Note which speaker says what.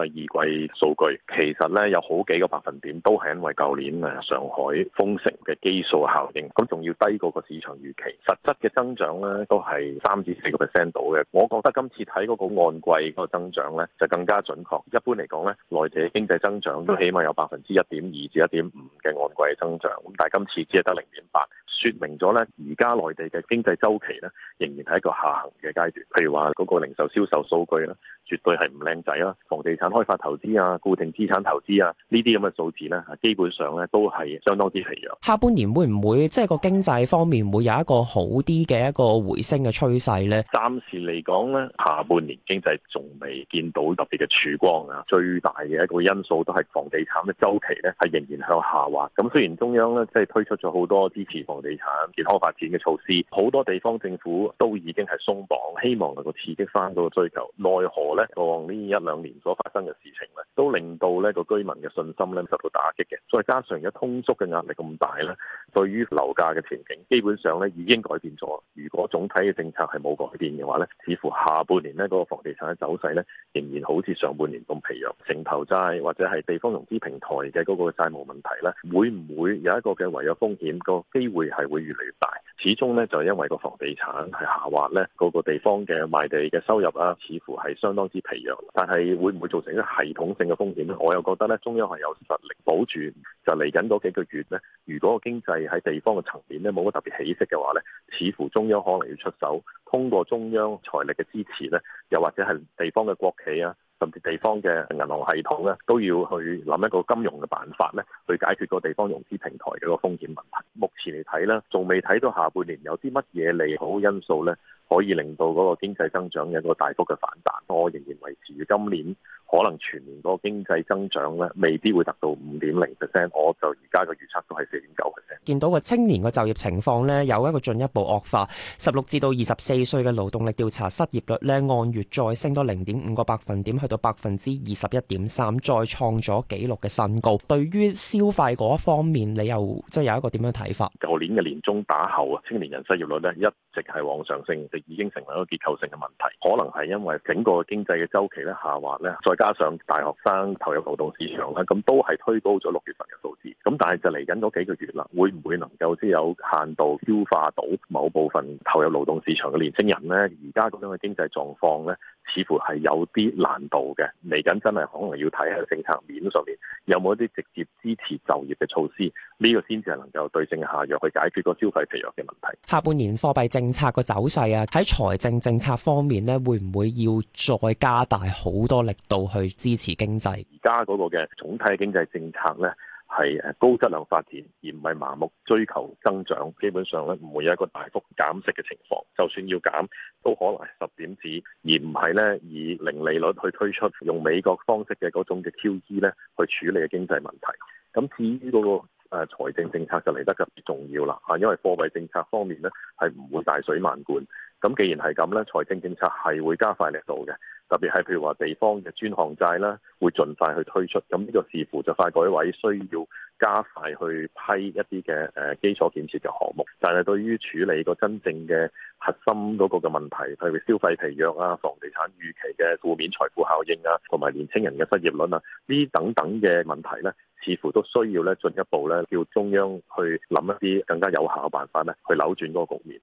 Speaker 1: 第二季數據其實咧有好幾個百分點都係因為舊年誒上海封城嘅基數效應，咁仲要低過個市場預期，實質嘅增長咧都係三至四個 percent 度嘅。我覺得今次睇嗰個按季個增長咧就更加準確。一般嚟講咧，內地經濟增長都起碼有百分之一點二至一點五嘅按季增長，咁但係今次只係得零點八，說明咗咧而家內地嘅經濟周期咧仍然係一個下行嘅階段。譬如話嗰個零售銷售數據啦。絕對係唔靚仔啦！房地產開發投資啊、固定資產投資啊，呢啲咁嘅數字呢，基本上呢都係相當之疲弱。
Speaker 2: 下半年會唔會即係個經濟方面會有一個好啲嘅一個回升嘅趨勢呢？
Speaker 1: 暫時嚟講呢，下半年經濟仲未見到特別嘅曙光啊！最大嘅一個因素都係房地產嘅周期呢，係仍然向下滑。咁雖然中央呢，即係推出咗好多支持房地產健康發展嘅措施，好多地方政府都已經係鬆綁，希望能夠刺激翻嗰個需求，奈何呢個呢一兩年所發生嘅事情咧，都令到呢個居民嘅信心咧受到打擊嘅。再加上而家通縮嘅壓力咁大咧，對於樓價嘅前景，基本上咧已經改變咗。如果總體嘅政策係冇改變嘅話咧，似乎下半年咧嗰個房地產嘅走勢咧，仍然好似上半年咁疲弱。城投債或者係地方融資平台嘅嗰個債務問題咧，會唔會有一個嘅違約風險？個機會係會越嚟越大。始終咧就因為個房地產係下滑咧，嗰個地方嘅賣地嘅收入啊，似乎係相當之疲弱。但係會唔會造成一個系統性嘅風險咧？我又覺得咧，中央係有實力保住。就嚟緊嗰幾個月咧，如果個經濟喺地方嘅層面咧冇乜特別起色嘅話咧，似乎中央可能要出手，通過中央財力嘅支持咧。又或者係地方嘅國企啊，甚至地方嘅銀行系統咧、啊，都要去諗一個金融嘅辦法咧，去解決個地方融資平台嘅個風險問題。目前嚟睇咧，仲未睇到下半年有啲乜嘢利好因素咧。可以令到嗰個經濟增長有一個大幅嘅反彈。我仍然維持今年可能全年嗰個經濟增長咧，未必會達到五點零 percent。我就而家嘅預測都係四點九
Speaker 2: percent。見到個青年嘅就業情況咧，有一個進一步惡化。十六至到二十四歲嘅勞動力調查失業率咧，按月再升多零點五個百分點，去到百分之二十一點三，再創咗紀錄嘅新高。對於消費嗰方面，你又即係有一個點樣睇法？
Speaker 1: 舊年嘅年中打後啊，青年人失業率咧一直係往上升。已經成為一個結構性嘅問題，可能係因為整個經濟嘅周期咧下滑咧，再加上大學生投入勞動市場咧，咁都係推高咗六月份嘅數字。咁但係就嚟緊嗰幾個月啦，會唔會能夠即有限度消化到某部分投入勞動市場嘅年輕人呢？而家咁種嘅經濟狀況咧，似乎係有啲難度嘅。嚟緊真係可能要睇下政策面上面有冇一啲直接支持就業嘅措施，呢、呢個先至係能夠對症下藥去解決個消費疲弱嘅問題。
Speaker 2: 下半年貨幣政策個走勢啊？喺財政政策方面咧，會唔會要再加大好多力度去支持經濟？而
Speaker 1: 家嗰個嘅總體經濟政策咧，係誒高質量發展，而唔係盲目追求增長。基本上咧，唔會有一個大幅減息嘅情況。就算要減，都可能係十點子，而唔係咧以零利率去推出用美國方式嘅嗰種嘅 QE 咧去處理嘅經濟問題。咁至於嗰個誒財政政策就嚟得特別重要啦，嚇，因為貨幣政策方面咧係唔會大水漫灌。咁既然係咁咧，財政政策係會加快力度嘅，特別係譬如話地方嘅專項債啦，會盡快去推出。咁呢個似乎就發改委需要加快去批一啲嘅誒基礎建設嘅項目。但係對於處理個真正嘅核心嗰個嘅問題，譬如消費疲弱啊、房地產預期嘅負面財富效應啊，同埋年青人嘅失業率啊，呢等等嘅問題咧，似乎都需要咧進一步咧叫中央去諗一啲更加有效嘅辦法咧，去扭轉嗰個局面。